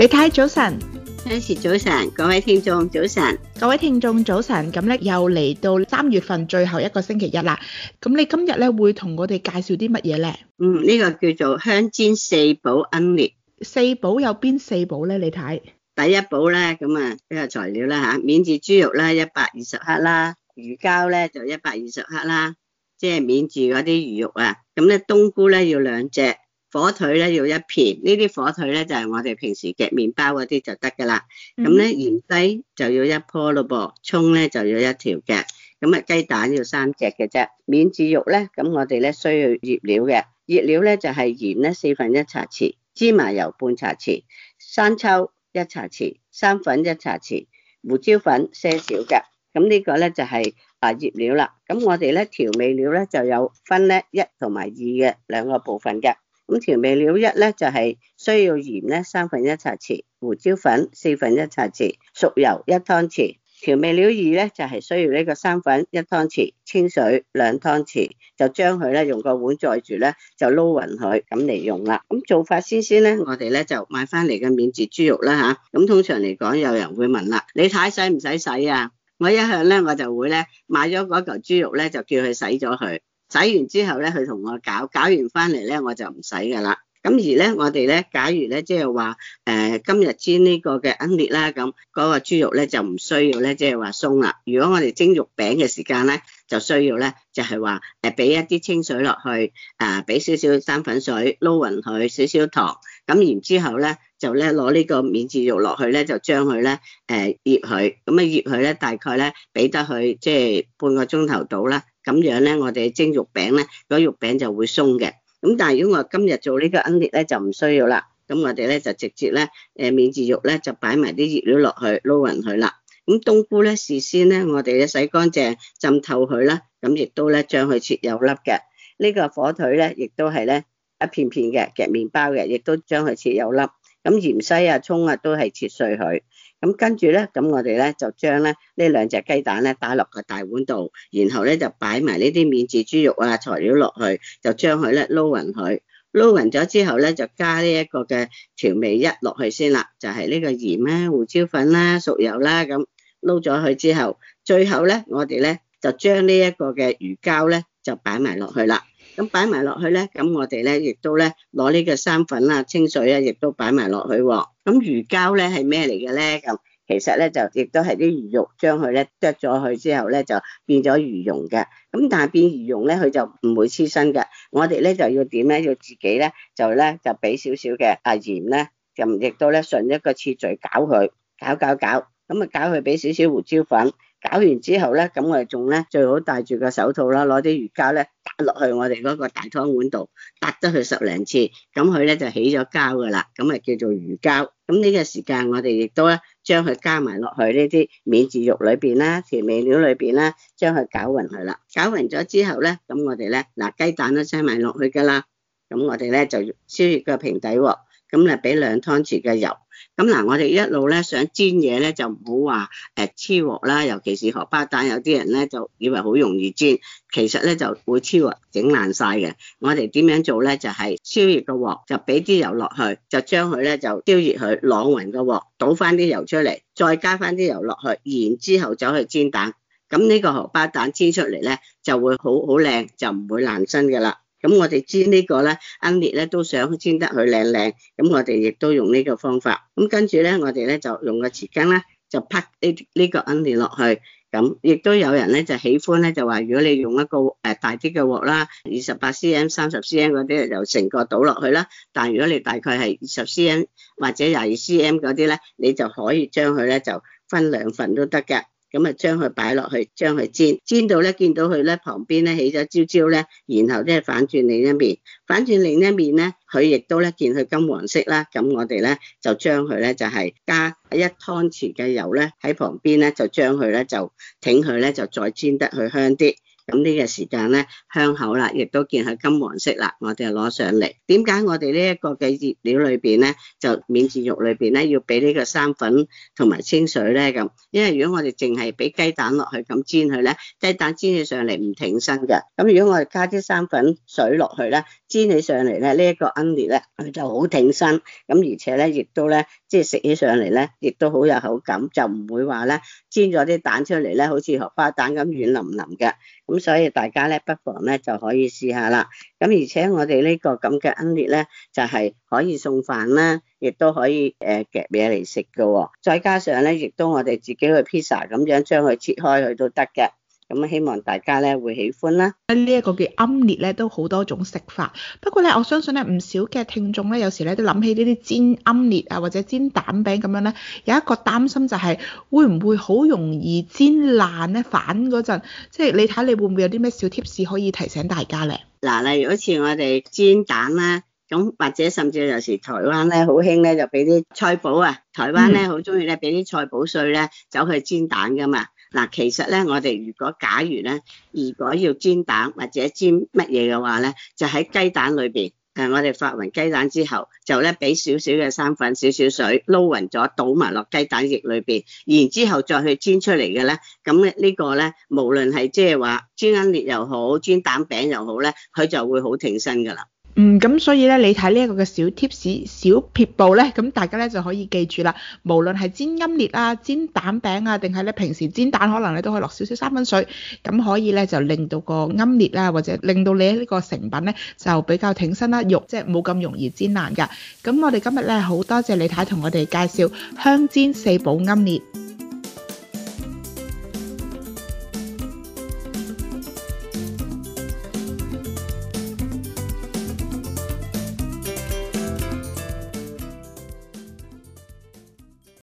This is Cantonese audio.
你睇早晨，女士早晨，各位聽眾早晨，各位聽眾早晨，咁咧又嚟到三月份最後一個星期一啦。咁你今日咧會同我哋介紹啲乜嘢咧？嗯，呢個叫做香煎四寶恩列。四寶有邊四寶咧？你睇第一寶咧，咁啊，呢個材料啦吓，免治豬肉啦，一百二十克啦，魚膠咧就一百二十克啦，即係免治嗰啲魚肉啊。咁咧冬菇咧要兩隻。火腿咧要一片，呢啲火腿咧就係我哋平時夾麵包嗰啲就得噶啦。咁咧芫茜就要一樖咯噃，蔥咧就要一條嘅。咁啊雞蛋要三隻嘅啫。免治肉咧，咁我哋咧需要醃料嘅。醃料咧就係鹽咧四分一茶匙，芝麻油半茶匙，生抽一茶匙，生粉一茶匙，胡椒粉些少嘅。咁呢個咧就係啊醃料啦。咁我哋咧調味料咧就有分咧一同埋二嘅兩個部分嘅。咁調味料一咧就係需要鹽咧三分一茶匙，胡椒粉四分一茶匙，熟油一湯匙。調味料二咧就係需要呢個生粉一湯匙，清水兩湯匙，就將佢咧用個碗載住咧就撈匀佢咁嚟用啦。咁做法先先咧，我哋咧就買翻嚟嘅免治豬肉啦吓，咁通常嚟講，有人會問啦，你睇使唔使洗啊？我一向咧我就會咧買咗嗰嚿豬肉咧就叫佢洗咗佢。洗完之後咧，佢同我搞，搞完翻嚟咧，我就唔使噶啦。咁而咧，我哋咧，假如咧，即係話誒，今日煎個那那個呢個嘅奄列啦，咁嗰個豬肉咧就唔需要咧，即係話鬆啦。如果我哋蒸肉餅嘅時間咧，就需要咧，就係話誒，俾一啲清水落去，啊，俾少少生粉水撈匀佢，少少糖，咁然之後咧，就咧攞呢個免治肉落去咧，就將佢咧誒醃佢，咁啊醃佢咧，大概咧俾得佢即係半個鐘頭到啦。咁樣咧，我哋蒸肉餅咧，嗰、那個、肉餅就會鬆嘅。咁但係如果我今日做個呢個奄列咧，就唔需要啦。咁我哋咧就直接咧，誒免治肉咧就擺埋啲熱料落去撈勻佢啦。咁冬菇咧事先咧，我哋咧洗乾淨，浸透佢啦。咁亦都咧將佢切有粒嘅。呢、這個火腿咧，亦都係咧一片片嘅夾麪包嘅，亦都將佢切有粒。咁芫茜啊，葱啊，都係切碎佢。咁跟住咧，咁我哋咧就將咧呢兩隻雞蛋咧擺落個大碗度，然後咧就擺埋呢啲免治豬肉啊材料落去，就將佢咧撈勻佢，撈勻咗之後咧就加呢一個嘅調味一落去先啦，就係、是、呢個鹽啦、啊、胡椒粉啦、啊、熟油啦咁撈咗佢之後，最後咧我哋咧就將呢一個嘅魚膠咧就擺埋落去啦。咁擺埋落去咧，咁我哋咧亦都咧攞呢個生粉啦、清水咧，亦都擺埋落去、哦。咁魚膠咧係咩嚟嘅咧？咁其實咧就亦都係啲魚肉，將佢咧剁咗去之後咧就變咗魚蓉嘅。咁但係變魚蓉咧，佢就唔會黐身嘅。我哋咧就要點咧？要自己咧就咧就俾少少嘅啊鹽咧，就亦都咧順一個次序攪佢，攪攪攪。咁啊攪佢俾少少胡椒粉。搞完之後咧，咁我哋仲咧最好戴住個手套啦，攞啲魚膠咧揼落去我哋嗰個大湯碗度，揼咗佢十零次，咁佢咧就起咗膠噶啦，咁啊叫做魚膠。咁呢個時間我哋亦都咧將佢加埋落去呢啲免治肉裏邊啦、調味料裏邊啦，將佢攪勻佢啦。攪勻咗之後咧，咁我哋咧嗱雞蛋都擠埋落去㗎啦，咁我哋咧就燒熱個平底鑊，咁啊俾兩湯匙嘅油。咁嗱，我哋一路咧想煎嘢咧，就唔好話誒黐鑊啦，尤其是荷包蛋。有啲人咧就以為好容易煎，其實咧就會黐鑊，整爛晒嘅。我哋點樣做咧？就係燒熱個鑊，就俾啲油落去，就將佢咧就燒熱佢，晾勻個鑊，倒翻啲油出嚟，再加翻啲油落去，然之後走去煎蛋。咁呢個荷包蛋煎出嚟咧，就會好好靚，就唔會爛身嘅啦。咁我哋煎呢個咧，奄列咧都想煎得佢靚靚，咁我哋亦都用呢個方法。咁跟住咧，我哋咧就用個匙羹咧，就啪呢呢個奄列落去。咁亦都有人咧就喜歡咧，就話如果你用一個誒大啲嘅鑊啦，二十八 cm、三十 cm 嗰啲就成個倒落去啦。但係如果你大概係二十 cm 或者廿二 cm 嗰啲咧，你就可以將佢咧就分兩份都得嘅。咁啊，將佢擺落去，將佢煎，煎到咧見到佢咧旁邊咧起咗焦焦咧，然後咧反轉另一面，反轉另一面咧，佢亦都咧見佢金黃色啦，咁我哋咧就將佢咧就係加一湯匙嘅油咧喺旁邊咧就將佢咧就挺佢咧就再煎得佢香啲。咁呢個時間咧，香口啦，亦都見佢金黃色啦，我哋就攞上嚟。點解我哋呢一個嘅熱料裏邊咧，就免治肉裏邊咧要俾呢個生粉同埋清水咧咁？因為如果我哋淨係俾雞蛋落去咁煎佢咧，雞蛋煎起上嚟唔挺身嘅。咁如果我哋加啲生粉水落去咧，煎起上嚟咧，這個、呢一個 onion 咧佢就好挺身。咁而且咧，亦都咧。即係食起上嚟咧，亦都好有口感，就唔會話咧煎咗啲蛋出嚟咧，好似荷包蛋咁軟腍腍嘅。咁所以大家咧不妨咧就可以試下啦。咁而且我哋、這個、呢個咁嘅奄列咧，就係、是、可以送飯啦，亦都可以誒、呃、夾嘢嚟食㗎喎。再加上咧，亦都我哋自己去披薩咁樣將佢切開佢都得嘅。咁希望大家咧會喜歡啦。呢一個叫奄列咧都好多種食法，不過咧我相信咧唔少嘅聽眾咧有時咧都諗起呢啲煎奄列啊或者煎蛋餅咁樣咧，有一個擔心就係會唔會好容易煎爛咧？反嗰陣即係你睇你會唔會有啲咩小 tips 可以提醒大家咧？嗱，例如好似我哋煎蛋啦、啊，咁或者甚至有時台灣咧好興咧就俾啲菜脯啊，台灣咧好中意咧俾啲菜脯碎咧走去煎蛋噶嘛。嗱，其實咧，我哋如果假如咧，如果要煎蛋或者煎乜嘢嘅話咧，就喺雞蛋裏邊，誒，我哋發勻雞蛋之後，就咧畀少少嘅生粉、少少水撈勻咗，倒埋落雞蛋液裏邊，然之後再去煎出嚟嘅咧，咁呢個咧，無論係即係話煎蛋裂又好，煎蛋餅又好咧，佢就會好挺身㗎喇。嗯，咁所以咧，你睇呢一個嘅小 tips、小撇步咧，咁大家咧就可以記住啦。無論係煎奄列啊、煎蛋餅啊，定係咧平時煎蛋，可能你都可以落少少三分水，咁可以咧就令到個奄列啊，或者令到你呢個成品咧就比較挺身啦、啊，肉即係冇咁容易煎爛㗎。咁我哋今日咧好多謝李太同我哋介紹香煎四寶奄列。